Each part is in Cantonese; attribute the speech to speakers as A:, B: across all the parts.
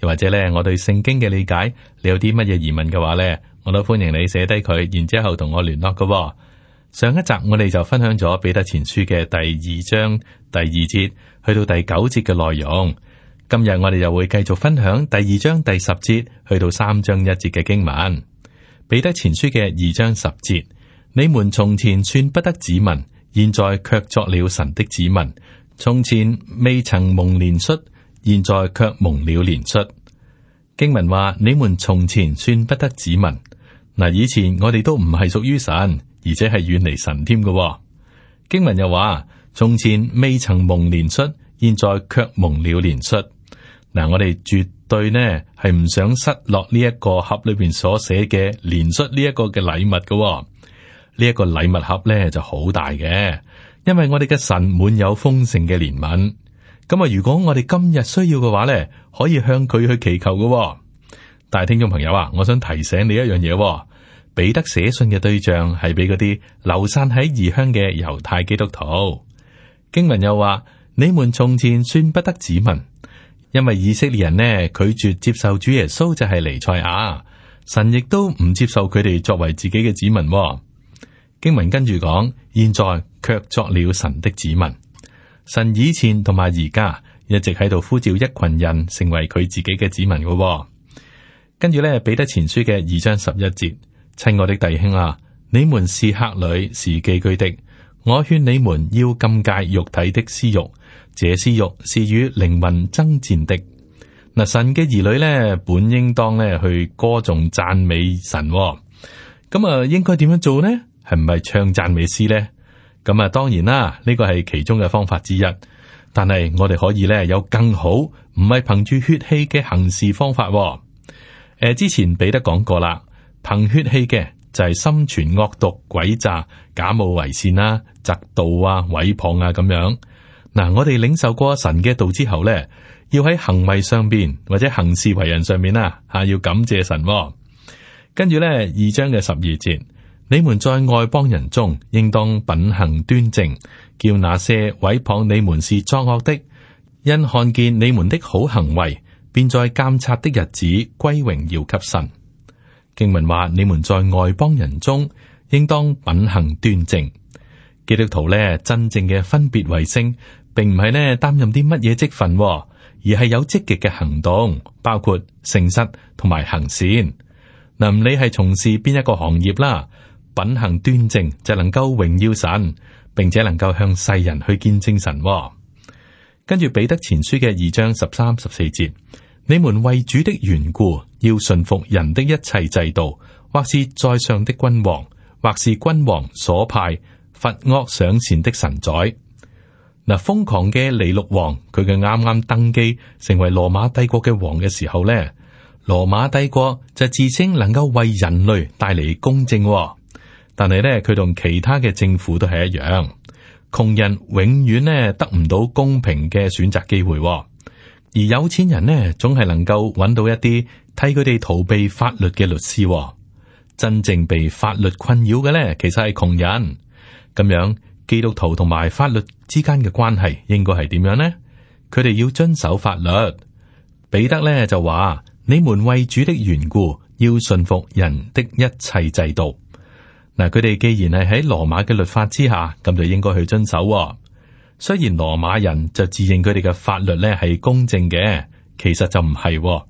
A: 又或者咧，我對聖經嘅理解，你有啲乜嘢疑問嘅話呢，我都歡迎你寫低佢，然之後同我聯絡嘅哦。上一集我哋就分享咗彼得前書嘅第二章第二節去到第九節嘅內容，今日我哋又會繼續分享第二章第十節去到三章一節嘅經文。彼得前書嘅二章十節，你們從前算不得子民，現在卻作了神的子民；從前未曾蒙憐恤，現在卻蒙了憐恤。經文話：你們從前算不得子民，嗱，以前我哋都唔係屬於神，而且係遠離神添嘅。經文又話：從前未曾蒙憐恤，現在卻蒙了憐恤。嗱，我哋絕對呢係唔想失落呢一個盒裏邊所寫嘅憐恤呢一個嘅禮物嘅。呢、這、一個禮物盒呢就好大嘅，因為我哋嘅神滿有豐盛嘅憐憫。咁啊！如果我哋今日需要嘅話呢，可以向佢去祈求嘅喎。但係聽眾朋友啊，我想提醒你一樣嘢喎：彼得寫信嘅對象係俾嗰啲流散喺異鄉嘅猶太基督徒。經文又話：你們從前算不得子民，因為以色列人呢拒絕接受主耶穌就係彌賽亞，神亦都唔接受佢哋作為自己嘅子民喎。經文跟住講：現在卻作了神的子民。神以前同埋而家一直喺度呼召一群人成為佢自己嘅子民嘅，跟住咧彼得前書嘅二章十一節，親愛的弟兄啊，你們是客旅，是寄居的，我勸你們要禁戒肉體的私欲，這私欲是與靈魂爭戰的。嗱，神嘅兒女咧本應當咧去歌頌讚美神，咁啊應該點樣做呢？係唔係唱讚美詩呢？咁啊，當然啦，呢個係其中嘅方法之一。但係我哋可以咧有更好，唔係憑住血氣嘅行事方法，哦。誒、呃，之前彼得講過啦，憑血氣嘅就係、是、心存惡毒、詭詐、假冒為善啦、嫉妒啊、毀謗啊咁樣。嗱、呃，我哋領受過神嘅道之後呢，要喺行為上邊或者行事為人上面啦，啊，要感謝神、哦。跟住呢，二章嘅十二節。你們在外邦人中，應當品行端正，叫那些毀謗你們是作惡的，因看見你們的好行為，便在鑒察的日子歸榮耀給神。經文話：你們在外邦人中，應當品行端正。基督徒咧，真正嘅分別為聖，並唔係咧擔任啲乜嘢職份，而係有積極嘅行動，包括誠實同埋行善。嗱，你係從事邊一個行業啦？品行端正就能夠榮耀神，並且能夠向世人去見證神，哦。跟住彼得前書嘅二章十三、十四節，你們為主的緣故要順服人的一切制度，或是在上的君王，或是君王所派罰惡賞善的臣宰。嗱，瘋狂嘅尼祿王，佢嘅啱啱登基成為羅馬帝國嘅王嘅時候呢，羅馬帝國就自稱能夠為人類帶嚟公正，哦。但係咧，佢同其他嘅政府都係一樣，窮人永遠咧得唔到公平嘅選擇機會，而有錢人呢，總係能夠揾到一啲替佢哋逃避法律嘅律師。真正被法律困擾嘅呢，其實係窮人。咁樣，基督徒同埋法律之間嘅關係應該係點樣呢？佢哋要遵守法律。彼得呢，就話：「你們為主的緣故，要順服人的一切制度。」嗱，佢哋既然係喺羅馬嘅律法之下，咁就應該去遵守，哦。雖然羅馬人就自認佢哋嘅法律咧係公正嘅，其實就唔係，哦。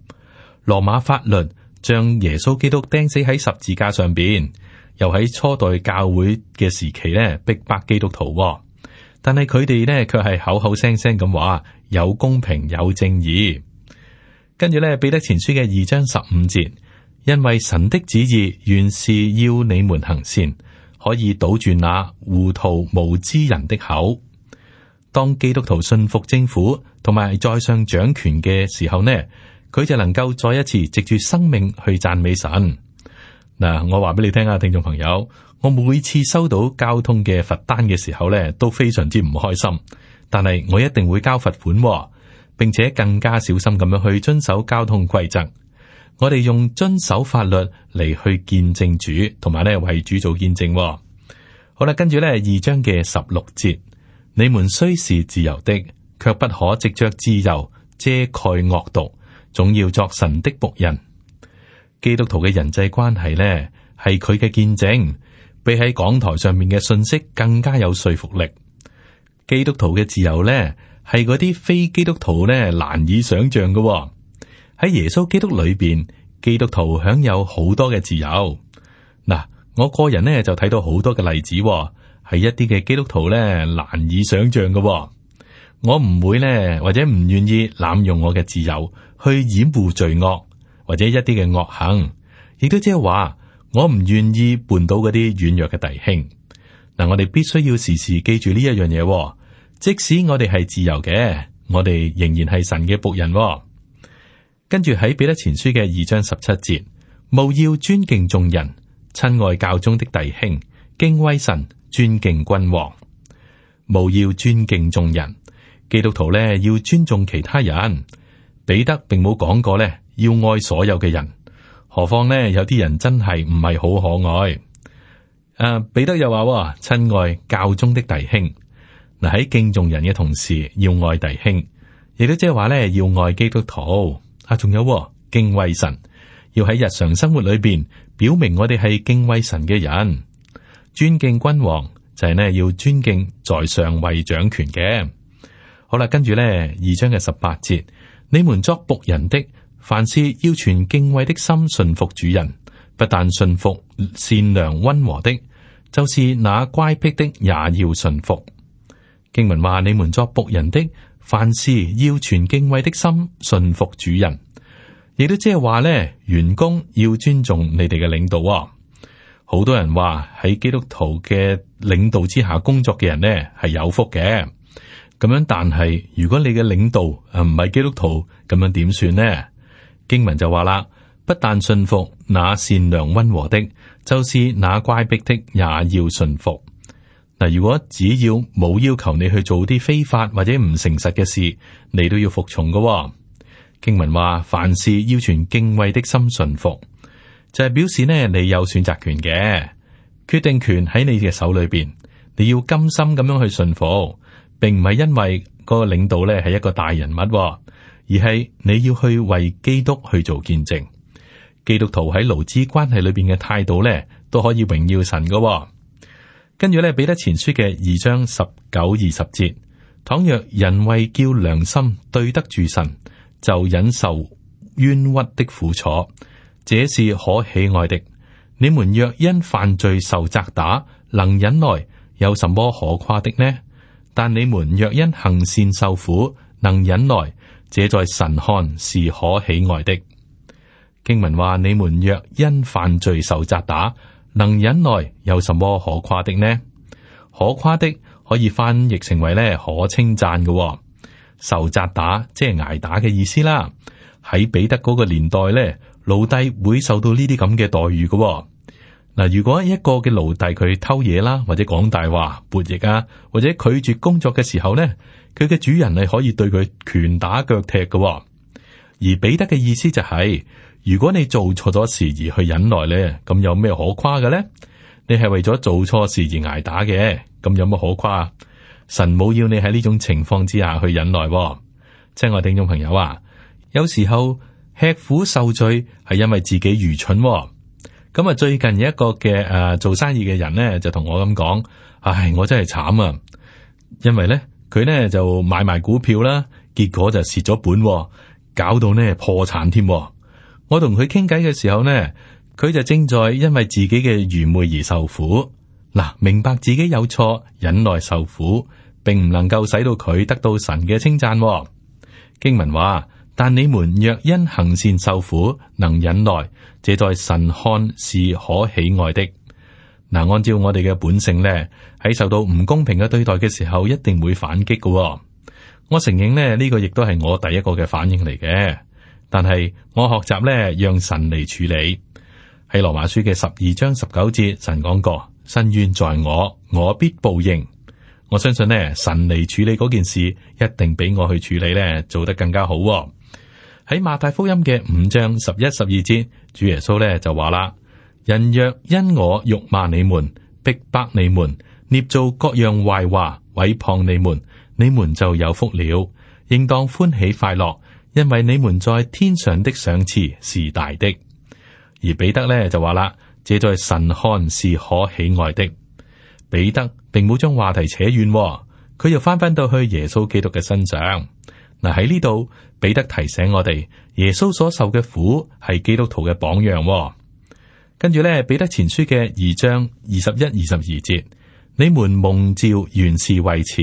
A: 羅馬法律將耶穌基督釘死喺十字架上邊，又喺初代教會嘅時期咧逼迫基督徒，哦。但係佢哋咧卻係口口聲聲咁話有公平有正義。跟住咧彼得前書嘅二章十五節。因為神的旨意原是要你們行善，可以堵住那糊塗無知人的口。當基督徒信服政府同埋在上掌權嘅時候呢，佢就能夠再一次藉住生命去讚美神。嗱，我話俾你聽啊，聽眾朋友，我每次收到交通嘅罰單嘅時候呢，都非常之唔開心，但係我一定會交罰款，並且更加小心咁樣去遵守交通規則。我哋用遵守法律嚟去見證主，同埋咧為主做見證。好啦，跟住咧二章嘅十六節，你們雖是自由的，卻不可藉着自由遮蓋惡毒，總要作神的僕人。基督徒嘅人際關係咧，係佢嘅見證，比喺講台上面嘅信息更加有說服力。基督徒嘅自由咧，係嗰啲非基督徒咧難以想象嘅。喺耶穌基督裏邊，基督徒享有好多嘅自由。嗱，我個人呢就睇到好多嘅例子，哦，係一啲嘅基督徒呢難以想象嘅，哦。我唔會呢，或者唔願意濫用我嘅自由去掩護罪惡或者一啲嘅惡行，亦都即係話我唔願意絆到嗰啲軟弱嘅弟兄。嗱，我哋必須要時時記住呢一樣嘢，哦，即使我哋係自由嘅，我哋仍然係神嘅僕人，哦。跟住喺彼得前書嘅二章十七節，務要尊敬眾人，親愛教中的弟兄，敬畏神，尊敬君王。務要尊敬眾人，基督徒咧要尊重其他人。彼得並冇講過咧要愛所有嘅人，何況呢？有啲人真係唔係好可愛。誒、啊，彼得又話：，哇，親愛教中的弟兄嗱，喺敬重人嘅同時要愛弟兄，亦都即係話咧要愛基督徒。啊，仲有、哦、敬畏神，要喺日常生活裏邊表明我哋係敬畏神嘅人，尊敬君王就係、是、呢，要尊敬在上位掌權嘅。好啦，跟住呢二章嘅十八節，你們作僕人的，凡事要存敬畏的心，順服主人。不但順服善良溫和的，就是那乖僻的，也要順服。經文話你們作僕人的。凡事要全敬畏的心，順服主人，亦都即係話咧，員工要尊重你哋嘅領導啊！好多人話喺基督徒嘅領導之下工作嘅人咧係有福嘅，咁樣。但係如果你嘅領導唔係基督徒，咁樣點算呢？經文就話啦，不但順服那善良溫和的，就是那乖僻的也要順服。嗱，如果只要冇要求你去做啲非法或者唔誠實嘅事，你都要服從嘅、哦。經文話凡事要存敬畏的心順服，就係、是、表示咧你有選擇權嘅，決定權喺你嘅手裏邊。你要甘心咁樣去順服，並唔係因為個領導咧係一個大人物、哦，而係你要去為基督去做見證。基督徒喺勞資關係裏邊嘅態度咧，都可以榮耀神噶、哦。跟住呢，彼得前書嘅二章十九二十節，倘若人為叫良心對得住神，就忍受冤屈的苦楚，這是可喜愛的。你們若因犯罪受責打，能忍耐，有什麼可誇的呢？但你們若因行善受苦，能忍耐，這在神看是可喜愛的。經文話：你們若因犯罪受責打。能忍耐，有什麼可誇的呢？可誇的可以翻譯成為咧可稱讚嘅，受責打，即係挨打嘅意思啦。喺彼得嗰個年代咧，奴隸會受到呢啲咁嘅待遇嘅嗱、哦。如果一個嘅奴隸佢偷嘢啦，或者講大話、叛逆啊，或者拒絕工作嘅時候咧，佢嘅主人係可以對佢拳打腳踢嘅、哦。而彼得嘅意思就係、是。如果你做錯咗事而去忍耐咧，咁有咩可誇嘅咧？你係為咗做錯事而挨打嘅，咁有乜可誇？神冇要你喺呢種情況之下去忍耐，即係我聽眾朋友啊，有時候吃苦受罪係因為自己愚蠢。咁啊，最近有一個嘅誒做生意嘅人咧，就同我咁講，唉，我真係慘啊，因為咧佢咧就買埋股票啦，結果就蝕咗本，搞到咧破產添。我同佢傾偈嘅時候呢，佢就正在因為自己嘅愚昧而受苦。嗱，明白自己有錯，忍耐受苦，並唔能夠使到佢得到神嘅稱讚。經文話：但你們若因行善受苦，能忍耐，這在神看是可喜愛的。嗱，按照我哋嘅本性呢，喺受到唔公平嘅對待嘅時候，一定會反擊嘅。我承認呢，呢個亦都係我第一個嘅反應嚟嘅。但係我學習咧，讓神嚟處理。喺羅馬書嘅十二章十九節，神講過：伸冤在我，我必報應。我相信呢，神嚟處理嗰件事，一定比我去處理呢做得更加好。喺馬太福音嘅五章十一、十二節，主耶穌咧就話啦：人若因我辱罵你們、逼迫你們、捏造各樣壞話、毀謗你們，你們就有福了，應當歡喜快樂。因為你們在天上的賞賜是大的，而彼得咧就話啦：這在神看是可喜愛的。彼得並冇將話題扯遠，佢又返返到去耶穌基督嘅身上。嗱，喺呢度，彼得提醒我哋，耶穌所受嘅苦係基督徒嘅榜樣。跟住咧，彼得前書嘅二章二十一、二十二節：你們蒙召原是為此，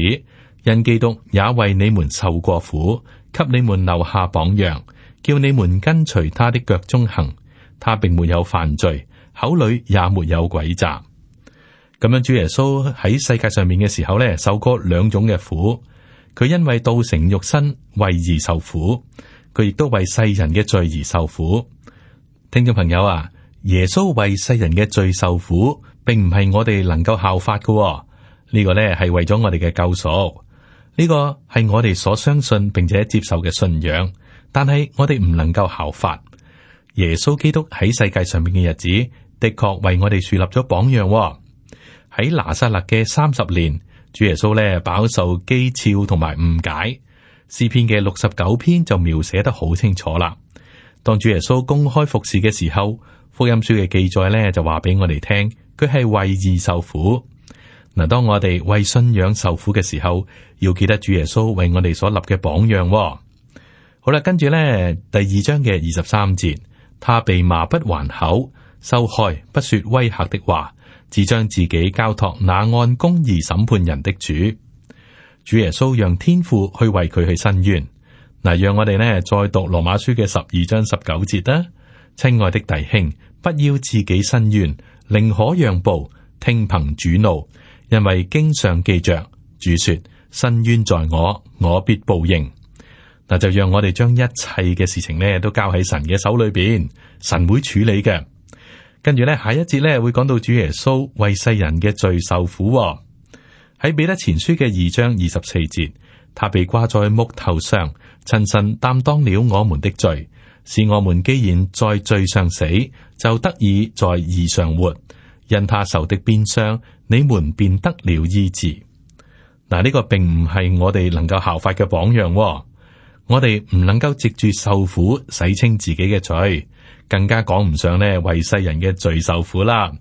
A: 因基督也為你們受過苦。給你們留下榜樣，叫你們跟隨他的腳蹤行。他並沒有犯罪，口裏也沒有詭詐。咁樣，主耶穌喺世界上面嘅時候呢，受過兩種嘅苦。佢因為道成肉身，為而受苦，佢亦都為世人嘅罪而受苦。聽眾朋友啊，耶穌為世人嘅罪受苦，並唔係我哋能夠效法嘅，哦。呢，這個呢，係為咗我哋嘅救贖。呢個係我哋所相信並且接受嘅信仰，但係我哋唔能夠效法耶穌基督喺世界上面嘅日子，的確為我哋樹立咗榜樣哦。喺拿撒勒嘅三十年，主耶穌咧飽受譏誚同埋誤解。詩篇嘅六十九篇就描寫得好清楚啦。當主耶穌公開服侍嘅時候，福音書嘅記載咧就話俾我哋聽，佢係為義受苦。嗱，當我哋為信仰受苦嘅時候，要記得主耶穌為我哋所立嘅榜樣哦。好啦，跟住呢，第二章嘅二十三節，他被罵不還口，受害不說威嚇的話，只將自己交託那按公義審判人的主。主耶穌讓天父去為佢去伸冤。嗱，讓我哋呢再讀羅馬書嘅十二章十九節啦。親愛的弟兄，不要自己伸冤，寧可讓步，聽憑主怒。因為經上記着主說：伸冤在我，我必報應。那就讓我哋將一切嘅事情咧，都交喺神嘅手裏邊，神會處理嘅。跟住咧，下一節咧會講到主耶穌為世人嘅罪受苦，喺彼得前書嘅二章二十四節，他被掛在木頭上，親身擔當了我們的罪，使我們既然在罪上死，就得以在義上活。因他受的鞭傷。你們便得了醫治。嗱，呢個並唔係我哋能夠效法嘅榜樣、哦。我哋唔能夠藉住受苦洗清自己嘅罪，更加講唔上呢為世人嘅罪受苦啦。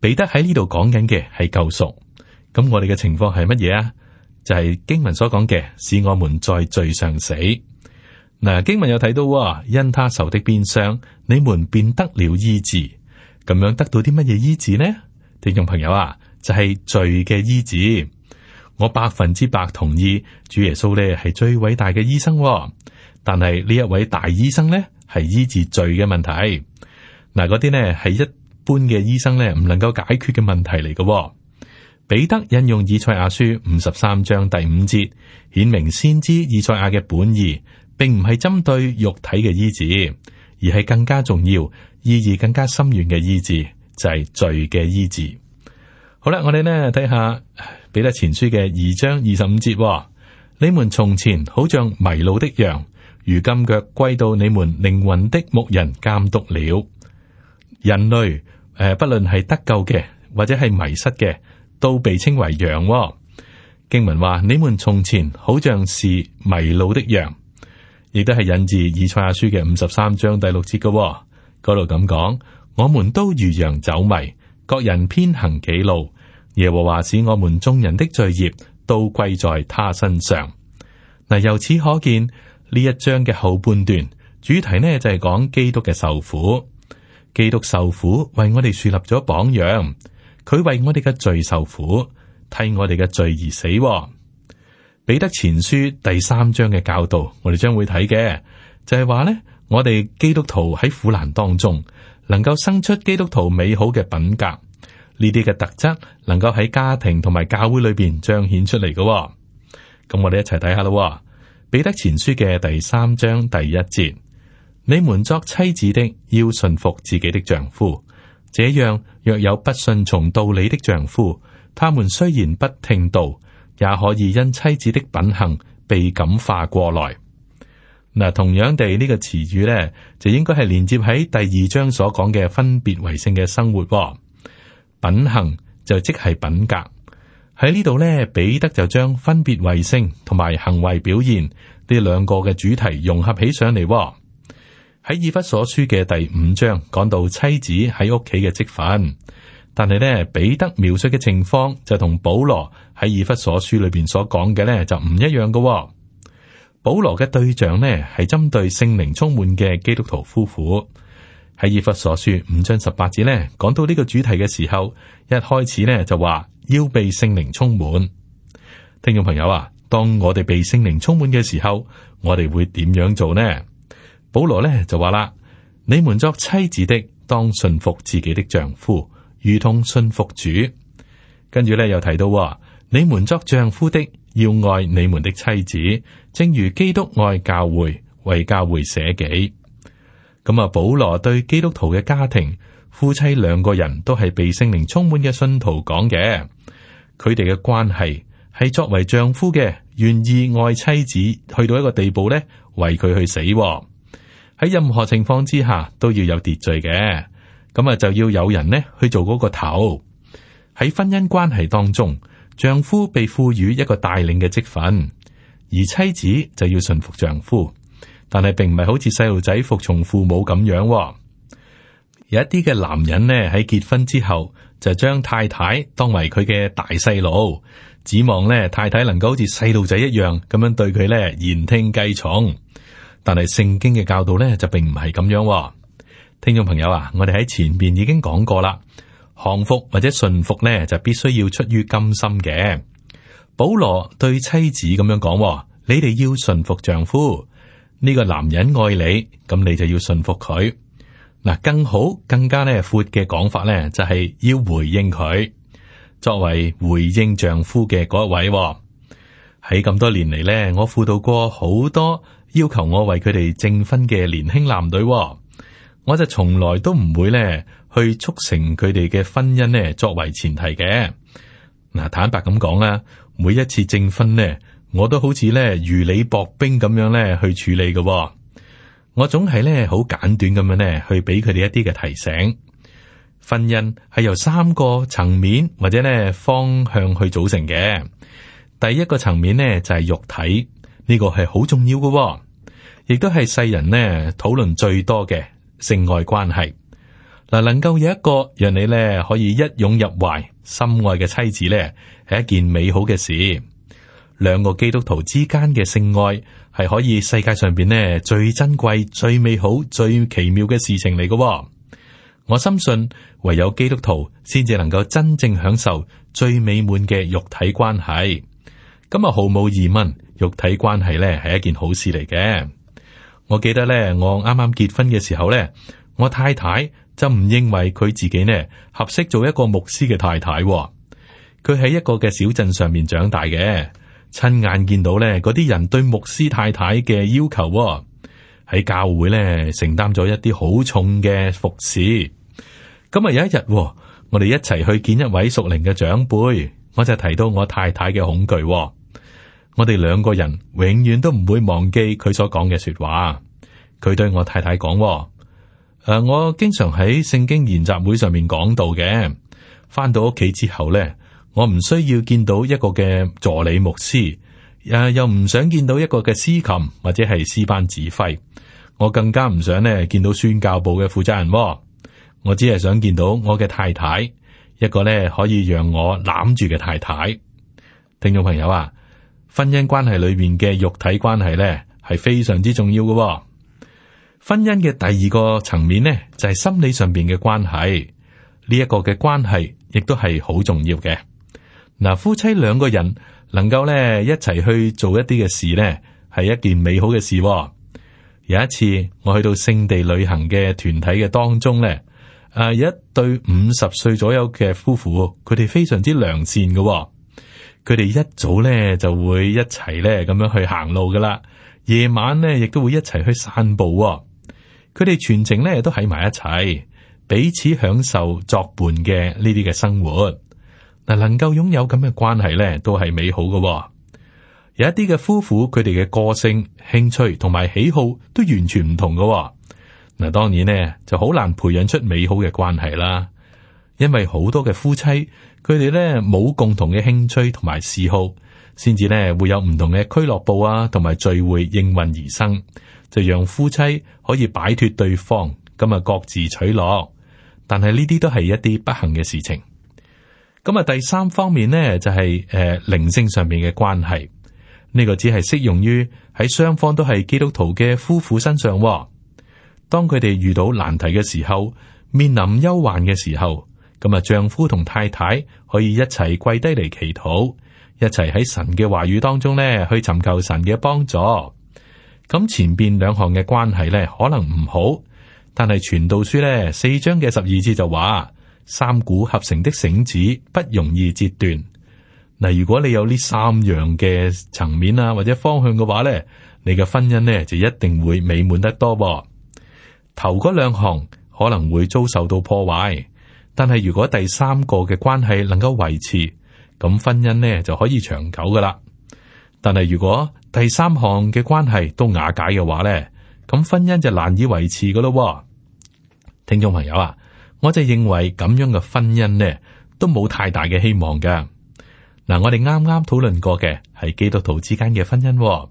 A: 彼得喺呢度講緊嘅係救贖。咁我哋嘅情況係乜嘢啊？就係、是、經文所講嘅，使我們在罪上死。嗱，經文有睇到、哦，因他受的鞭傷，你們便得了醫治。咁樣得到啲乜嘢醫治呢？聽眾朋友啊，就係、是、罪嘅醫治，我百分之百同意主耶穌咧係最偉大嘅醫生、啊，但係呢一位大醫生咧係醫治罪嘅問題，嗱嗰啲咧係一般嘅醫生咧唔能夠解決嘅問題嚟、啊、嘅。彼得引用以賽亞書五十三章第五節，顯明先知以賽亞嘅本意，並唔係針對肉體嘅醫治，而係更加重要、意義更加深遠嘅醫治。就係罪嘅醫治。好啦，我哋呢睇下彼得前書嘅二章二十五節。你們從前好像迷路的羊，如今卻歸到你們靈魂的牧人監督了。人類誒，不論係得救嘅或者係迷失嘅，都被稱為羊喎。經文話：你們從前好像是迷路的羊，亦都係引自以賽亞書嘅五十三章第六節嘅。嗰度咁講。我們都如羊走迷，各人偏行己路。耶和華使我們眾人的罪孽都歸在他身上。嗱，由此可見呢一章嘅後半段主題呢，就係講基督嘅受苦。基督受苦為我哋樹立咗榜樣，佢為我哋嘅罪受苦，替我哋嘅罪而死。彼得前書第三章嘅教導，我哋將會睇嘅就係話呢，我哋基督徒喺苦難當中。能夠生出基督徒美好嘅品格，呢啲嘅特質能夠喺家庭同埋教會裏邊彰顯出嚟嘅。咁我哋一齊睇下啦。彼得前書嘅第三章第一節：你們作妻子的，要順服自己的丈夫，這樣，若有不信從道理的丈夫，他們雖然不聽道，也可以因妻子的品行被感化過來。嗱，同樣地呢、呢個詞語呢，就應該係連接喺第二章所講嘅分別為聖嘅生活、哦。品行就即係品格，喺呢度呢，彼得就將分別為聖同埋行為表現呢兩個嘅主題融合起上嚟、哦。喺以弗所書嘅第五章講到妻子喺屋企嘅積分，但係呢，彼得描述嘅情況就同保羅喺以弗所書裏邊所講嘅呢，就唔一樣噶、哦。保羅嘅對象呢，係針對聖靈充滿嘅基督徒夫婦。喺以弗所書五章十八節呢，講到呢個主題嘅時候，一開始呢就話要被聖靈充滿。聽眾朋友啊，當我哋被聖靈充滿嘅時候，我哋會點樣做呢？保羅呢就話啦：你們作妻子的，當順服自己的丈夫，如同順服主。跟住呢又提到：你們作丈夫的。要愛你們的妻子，正如基督愛教會，為教會捨己。咁啊，保羅對基督徒嘅家庭，夫妻兩個人都係被聖靈充滿嘅信徒講嘅，佢哋嘅關係係作為丈夫嘅願意愛妻子，去到一個地步呢，為佢去死啊。喺任何情況之下都要有秩序嘅，咁啊就要有人呢去做嗰個頭。喺婚姻關係當中。丈夫被賦予一個帶領嘅職份，而妻子就要順服丈夫，但係並唔係好似細路仔服從父母咁樣。有一啲嘅男人呢，喺結婚之後就將太太當為佢嘅大細路，指望呢太太能夠好似細路仔一樣咁樣對佢呢言聽計從，但係聖經嘅教導呢，就並唔係咁樣。聽眾朋友啊，我哋喺前面已經講過啦。降服或者順服呢，就必須要出於甘心嘅。保羅對妻子咁樣講：你哋要順服丈夫，呢個男人愛你，咁你就要順服佢。嗱，更好更加呢，闊嘅講法呢，就係要回應佢，作為回應丈夫嘅嗰一位。喺咁多年嚟呢，我輔導過好多要求我為佢哋證婚嘅年輕男女。我就從來都唔會咧去促成佢哋嘅婚姻咧，作為前提嘅嗱。坦白咁講啦，每一次證婚咧，我都好似咧如履薄冰咁樣咧去處理嘅。我總係咧好簡短咁樣咧去俾佢哋一啲嘅提醒。婚姻係由三個層面或者咧方向去組成嘅。第一個層面咧就係肉體，呢個係好重要嘅，亦都係世人咧討論最多嘅。性愛關係嗱，能夠有一個讓你咧可以一擁入懷、心愛嘅妻子咧，係一件美好嘅事。兩個基督徒之間嘅性愛係可以世界上邊呢最珍貴、最美好、最奇妙嘅事情嚟嘅，哦。我深信，唯有基督徒先至能夠真正享受最美滿嘅肉體關係。噉啊，毫無疑問，肉體關係咧係一件好事嚟嘅。我記得咧，我啱啱結婚嘅時候咧，我太太就唔認為佢自己呢合適做一個牧師嘅太太。佢喺一個嘅小鎮上面長大嘅，親眼見到咧嗰啲人對牧師太太嘅要求，喺教會咧承擔咗一啲好重嘅服侍。咁啊有一日，我哋一齊去見一位熟齡嘅長輩，我就提到我太太嘅恐懼。我哋兩個人永遠都唔會忘記佢所講嘅說話。佢對我太太講：誒、啊，我經常喺聖經研習會上面講到嘅。返到屋企之後咧，我唔需要見到一個嘅助理牧師，誒、啊，又唔想見到一個嘅司琴或者係詩班指揮。我更加唔想呢見到宣教部嘅負責人。我只係想見到我嘅太太，一個呢可以讓我攬住嘅太太。聽眾朋友啊！婚姻關係裏面嘅肉體關係呢係非常之重要㗎喎。婚姻嘅第二個層面呢，就係心理上邊嘅關係，呢一個嘅關係亦都係好重要嘅。嗱，啊，夫妻兩個人能夠咧一齊去做一啲嘅事呢，係一件美好嘅事喎。有一次我去到聖地旅行嘅團體嘅當中呢，啊，有一對五十歲左右嘅夫婦，佢哋非常之良善㗎喎。佢哋一早咧，就會一齊咧，咁樣去行路㗎啦，夜晚咧，亦都會一齊去散步。佢哋全程咧，都喺埋一齊，彼此享受作伴嘅呢啲嘅生活。嗱，能夠擁有咁嘅關係咧，都係美好㗎。有一啲嘅夫婦，佢哋嘅個性、興趣同埋喜好都完全唔同㗎。嗱，當然呢就好難培養出美好嘅關係啦，因為好多嘅夫妻。佢哋咧冇共同嘅興趣同埋嗜好，先至咧會有唔同嘅俱樂部啊，同埋聚會應運而生，就讓夫妻可以擺脫對方，咁啊各自取樂。但係呢啲都係一啲不幸嘅事情。咁啊，第三方面呢、就是，就係誒靈性上面嘅關係，呢、這個只係適用於喺雙方都係基督徒嘅夫婦身上。當佢哋遇到難題嘅時候，面臨憂患嘅時候。咁啊，丈夫同太太可以一齊跪低嚟祈禱，一齊喺神嘅話語當中咧，去尋求神嘅幫助。咁前邊兩項嘅關係咧，可能唔好，但係傳道書咧四章嘅十二節就話：三股合成的繩子不容易折斷。嗱，如果你有呢三樣嘅層面啊或者方向嘅話咧，你嘅婚姻咧就一定會美滿得多噃。頭嗰兩項可能會遭受到破壞。但係如果第三個嘅關係能夠維持，咁婚姻呢就可以長久噶啦。但係如果第三項嘅關係都瓦解嘅話呢，咁婚姻就難以維持噶咯。聽眾朋友啊，我就認為咁樣嘅婚姻呢都冇太大嘅希望噶。嗱、啊，我哋啱啱討論過嘅係基督徒之間嘅婚姻，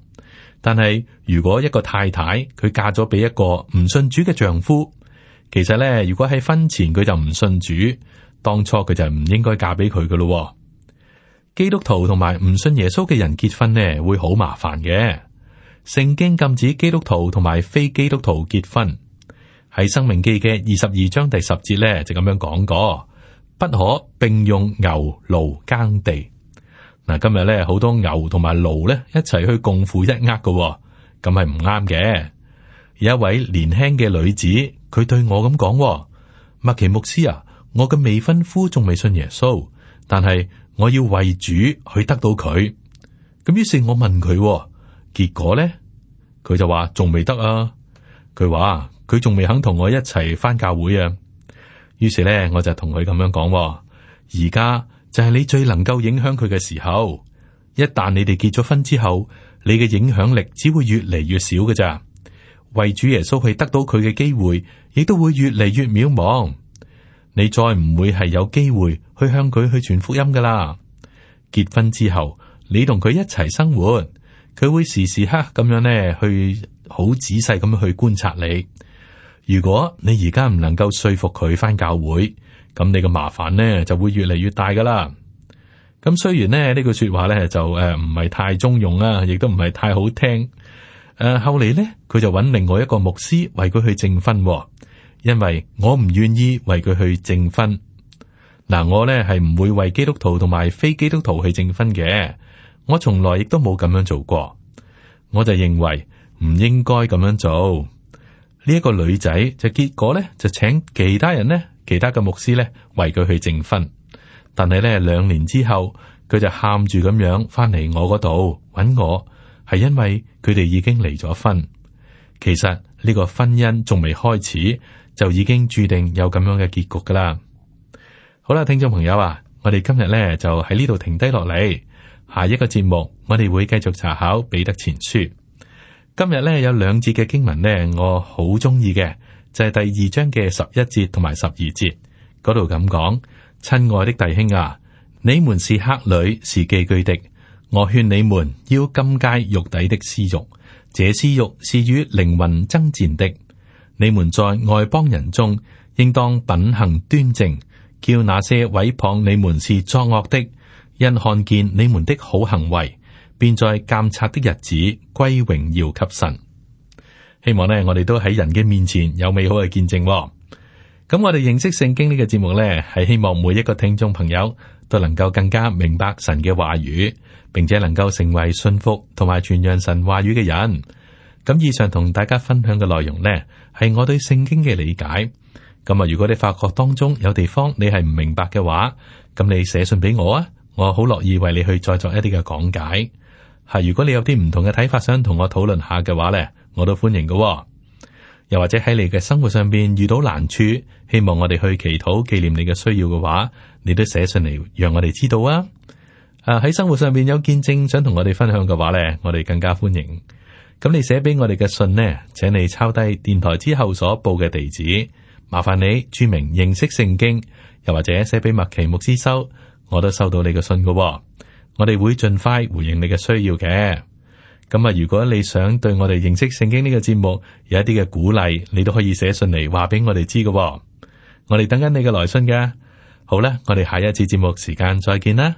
A: 但係如果一個太太佢嫁咗俾一個唔信主嘅丈夫。其實咧，如果喺婚前佢就唔信主，當初佢就唔應該嫁俾佢噶咯。基督徒同埋唔信耶穌嘅人結婚呢，會好麻煩嘅。聖經禁止基督徒同埋非基督徒結婚。喺《生命記》嘅二十二章第十節咧，就咁樣講過：，不可並用牛、驢耕，耕地。嗱，今日咧好多牛同埋驢咧一齊去共負一軛嘅，咁係唔啱嘅。有一位年輕嘅女子，佢對我咁講：，麥奇牧師啊，我嘅未婚夫仲未信耶穌，但係我要為主去得到佢。咁於是，我問佢，結果咧，佢就話仲未得啊。佢話佢仲未肯同我一齊翻教會啊。於是咧，我就同佢咁樣講：，而家就係你最能夠影響佢嘅時候。一旦你哋結咗婚之後，你嘅影響力只會越嚟越少㗎咋。為主耶穌去得到佢嘅機會，亦都會越嚟越渺茫。你再唔會係有機會去向佢去傳福音噶啦。結婚之後，你同佢一齊生活，佢會時時刻咁樣咧，去好仔細咁樣去觀察你。如果你而家唔能夠說服佢返教會，咁你個麻煩咧就會越嚟越大噶啦。咁雖然咧呢句說話咧就誒唔係太中用啦，亦都唔係太好聽。誒，後嚟呢，佢就揾另外一個牧師為佢去證婚。哦，因為我唔願意為佢去證婚。嗱、呃，我呢係唔會為基督徒同埋非基督徒去證婚嘅，我從來亦都冇咁樣做過。我就認為唔應該咁樣做。呢、這、一個女仔就結果呢，就請其他人呢，其他嘅牧師呢，為佢去證婚。但係呢，兩年之後，佢就喊住咁樣翻嚟我嗰度，揾我。係因為佢哋已經離咗婚，其實呢個婚姻仲未開始就已經注定有咁樣嘅結局噶啦。好啦，聽眾朋友啊，我哋今日呢就喺呢度停低落嚟，下一個節目我哋會繼續查考彼得前書。今日呢有兩節嘅經文呢，我好中意嘅就係、是、第二章嘅十一節同埋十二節嗰度咁講：親愛嘅弟兄啊，你們是客旅，是寄居的。我勸你們要禁戒肉體的私欲，這私欲是與靈魂爭戰的。你們在外邦人中，應當品行端正，叫那些毀謗你們是作惡的，因看見你們的好行為，便在監察的日子歸榮耀給神。希望呢，我哋都喺人嘅面前有美好嘅見證。咁，我哋認識聖經呢、呢個節目呢，係希望每一個聽眾朋友都能夠更加明白神嘅話語。並且能夠成為信服同埋傳揚神話語嘅人。咁以上同大家分享嘅內容呢，係我對聖經嘅理解。咁啊，如果你發覺當中有地方你係唔明白嘅話，咁你寫信俾我啊，我好樂意為你去再作一啲嘅講解。係如果你有啲唔同嘅睇法，想同我討論下嘅話呢，我都歡迎嘅。又或者喺你嘅生活上邊遇到難處，希望我哋去祈禱紀念你嘅需要嘅話，你都寫信嚟讓我哋知道啊。啊！喺生活上面有見證，想同我哋分享嘅話呢，我哋更加歡迎。咁你寫俾我哋嘅信呢，請你抄低電台之後所報嘅地址，麻煩你注明認識聖經，又或者寫俾麥奇牧師收，我都收到你嘅信噶喎。我哋會盡快回應你嘅需要嘅。咁啊，如果你想對我哋認識聖經呢個節目有一啲嘅鼓勵，你都可以寫信嚟話俾我哋知噶。我哋等緊你嘅來信噶。好啦，我哋下一次節目時間再見啦。